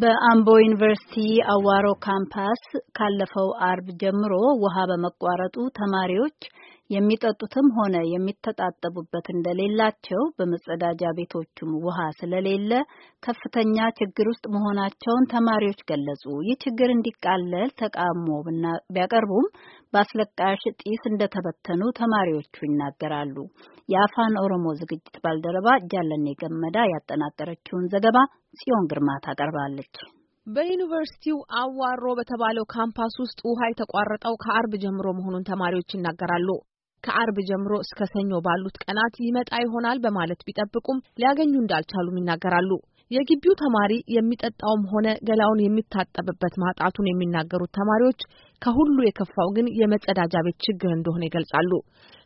በአምቦ ዩኒቨርሲቲ አዋሮ ካምፓስ ካለፈው አርብ ጀምሮ ውሃ በመቋረጡ ተማሪዎች የሚጠጡትም ሆነ የሚተጣጠቡበት እንደሌላቸው በመጸዳጃ ቤቶቹም ውሃ ስለሌለ ከፍተኛ ችግር ውስጥ መሆናቸውን ተማሪዎች ገለጹ። ይህ ችግር እንዲቃለል ተቃውሞ ቢያቀርቡም በአስለቃሽ ጢስ እንደተበተኑ ተማሪዎቹ ይናገራሉ። የአፋን ኦሮሞ ዝግጅት ባልደረባ ጃለኔ ገመዳ ያጠናቀረችውን ዘገባ ጽዮን ግርማ ታቀርባለች። በዩኒቨርሲቲው አዋሮ በተባለው ካምፓስ ውስጥ ውሃ የተቋረጠው ከአርብ ጀምሮ መሆኑን ተማሪዎች ይናገራሉ። ከአርብ ጀምሮ እስከ ሰኞ ባሉት ቀናት ይመጣ ይሆናል በማለት ቢጠብቁም ሊያገኙ እንዳልቻሉም ይናገራሉ። የግቢው ተማሪ የሚጠጣውም ሆነ ገላውን የሚታጠብበት ማጣቱን የሚናገሩት ተማሪዎች ከሁሉ የከፋው ግን የመጸዳጃ ቤት ችግር እንደሆነ ይገልጻሉ።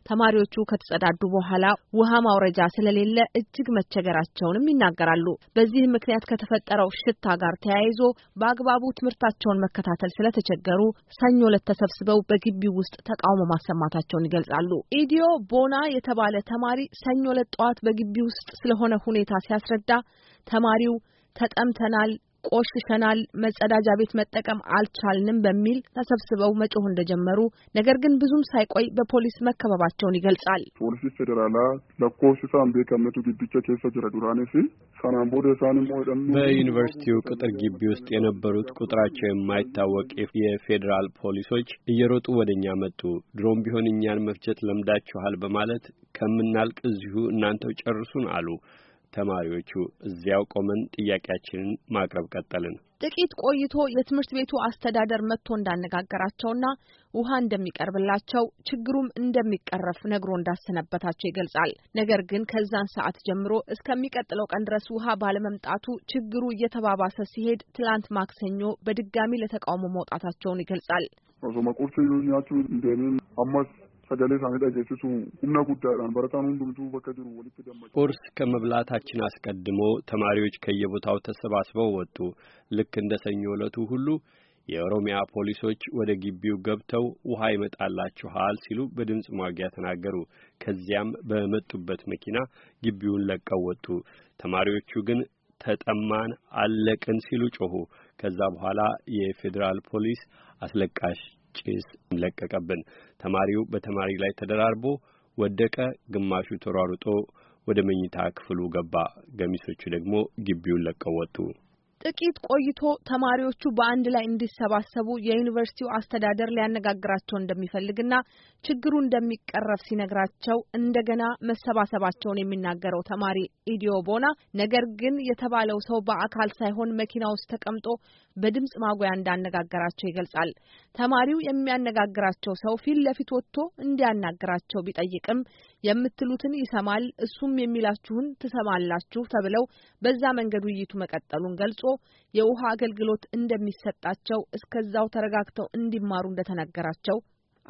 ተማሪዎቹ ከተጸዳዱ በኋላ ውሃ ማውረጃ ስለሌለ እጅግ መቸገራቸውንም ይናገራሉ። በዚህም ምክንያት ከተፈጠረው ሽታ ጋር ተያይዞ በአግባቡ ትምህርታቸውን መከታተል ስለተቸገሩ ሰኞ ዕለት ተሰብስበው በግቢው ውስጥ ተቃውሞ ማሰማታቸውን ይገልጻሉ። ኢዲዮ ቦና የተባለ ተማሪ ሰኞ ዕለት ጠዋት በግቢ ውስጥ ስለሆነ ሁኔታ ሲያስረዳ ተማሪው ተጠምተናል ቆሽሸናል፣ መጸዳጃ ቤት መጠቀም አልቻልንም በሚል ተሰብስበው መጮህ እንደጀመሩ ነገር ግን ብዙም ሳይቆይ በፖሊስ መከበባቸውን ይገልጻል። ፖሊስ ፌዴራላ ለኮሲሳን ቤከመቱ ግቢቸ ኬሰ ጅረ ዱራኔሲ በዩኒቨርሲቲው ቅጥር ግቢ ውስጥ የነበሩት ቁጥራቸው የማይታወቅ የፌዴራል ፖሊሶች እየሮጡ ወደ እኛ መጡ። ድሮም ቢሆን እኛን መፍጀት ለምዳችኋል በማለት ከምናልቅ እዚሁ እናንተው ጨርሱን አሉ። ተማሪዎቹ እዚያው ቆመን ጥያቄያችንን ማቅረብ ቀጠልን። ጥቂት ቆይቶ የትምህርት ቤቱ አስተዳደር መጥቶ እንዳነጋገራቸውና ውሃ እንደሚቀርብላቸው ችግሩም እንደሚቀረፍ ነግሮ እንዳሰነበታቸው ይገልጻል። ነገር ግን ከዛን ሰዓት ጀምሮ እስከሚቀጥለው ቀን ድረስ ውሃ ባለመምጣቱ ችግሩ እየተባባሰ ሲሄድ ትላንት ማክሰኞ በድጋሚ ለተቃውሞ መውጣታቸውን ይገልጻል። sagalee isaanii dhageessisuun humna guddaadhaan barataan hundumtuu bakka jiru walitti dammaqa. Qurs ከመብላታችን አስቀድሞ ተማሪዎች ከየቦታው ተሰባስበው ወጡ። ልክ እንደ ሰኞ ዕለቱ ሁሉ የኦሮሚያ ፖሊሶች ወደ ግቢው ገብተው ውሃ ይመጣላችኋል ሲሉ በድምፅ ማጉያ ተናገሩ። ከዚያም በመጡበት መኪና ግቢውን ለቀው ወጡ። ተማሪዎቹ ግን ተጠማን፣ አለቅን ሲሉ ጮሁ። ከዛ በኋላ የፌዴራል ፖሊስ አስለቃሽ ጭስ ለቀቀብን። ተማሪው በተማሪ ላይ ተደራርቦ ወደቀ። ግማሹ ተሯሩጦ ወደ መኝታ ክፍሉ ገባ። ገሚሶቹ ደግሞ ግቢውን ለቀው ወጡ። ጥቂት ቆይቶ ተማሪዎቹ በአንድ ላይ እንዲሰባሰቡ የዩኒቨርሲቲው አስተዳደር ሊያነጋግራቸው እንደሚፈልግና ችግሩ እንደሚቀረፍ ሲነግራቸው እንደገና መሰባሰባቸውን የሚናገረው ተማሪ ኢዲዮ ቦና፣ ነገር ግን የተባለው ሰው በአካል ሳይሆን መኪና ውስጥ ተቀምጦ በድምፅ ማጉያ እንዳነጋገራቸው ይገልጻል። ተማሪው የሚያነጋግራቸው ሰው ፊት ለፊት ወጥቶ እንዲያናግራቸው ቢጠይቅም የምትሉትን ይሰማል፣ እሱም የሚላችሁን ትሰማላችሁ ተብለው በዛ መንገድ ውይይቱ መቀጠሉን ገልጾ የውሃ አገልግሎት እንደሚሰጣቸው እስከዛው ተረጋግተው እንዲማሩ እንደተነገራቸው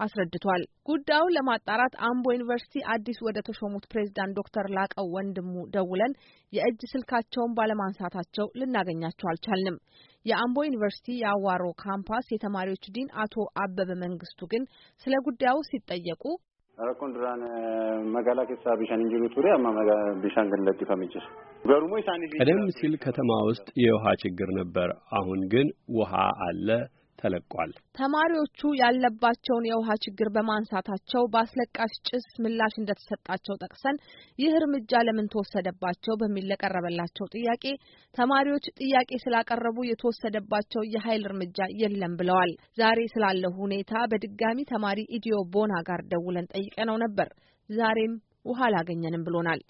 አስረድቷል። ጉዳዩን ለማጣራት አምቦ ዩኒቨርሲቲ አዲስ ወደ ተሾሙት ፕሬዝዳንት ዶክተር ላቀው ወንድሙ ደውለን የእጅ ስልካቸውን ባለማንሳታቸው ልናገኛቸው አልቻልንም። የአምቦ ዩኒቨርሲቲ የአዋሮ ካምፓስ የተማሪዎች ዲን አቶ አበበ መንግስቱ ግን ስለ ጉዳዩ ሲጠየቁ Rakkoon duraan magaalaa keessaa bishaan hin jiru ture amma bishaan gad lakkifame jira. ቀደም ሲል ከተማ ውስጥ የውሃ ችግር ነበር። አሁን ግን ውሃ አለ። ተለቋል። ተማሪዎቹ ያለባቸውን የውሃ ችግር በማንሳታቸው በአስለቃሽ ጭስ ምላሽ እንደተሰጣቸው ጠቅሰን ይህ እርምጃ ለምን ተወሰደባቸው በሚል ለቀረበላቸው ጥያቄ ተማሪዎች ጥያቄ ስላቀረቡ የተወሰደባቸው የኃይል እርምጃ የለም ብለዋል። ዛሬ ስላለው ሁኔታ በድጋሚ ተማሪ ኢዲዮ ቦና ጋር ደውለን ጠይቀነው ነበር። ዛሬም ውሃ አላገኘንም ብሎናል።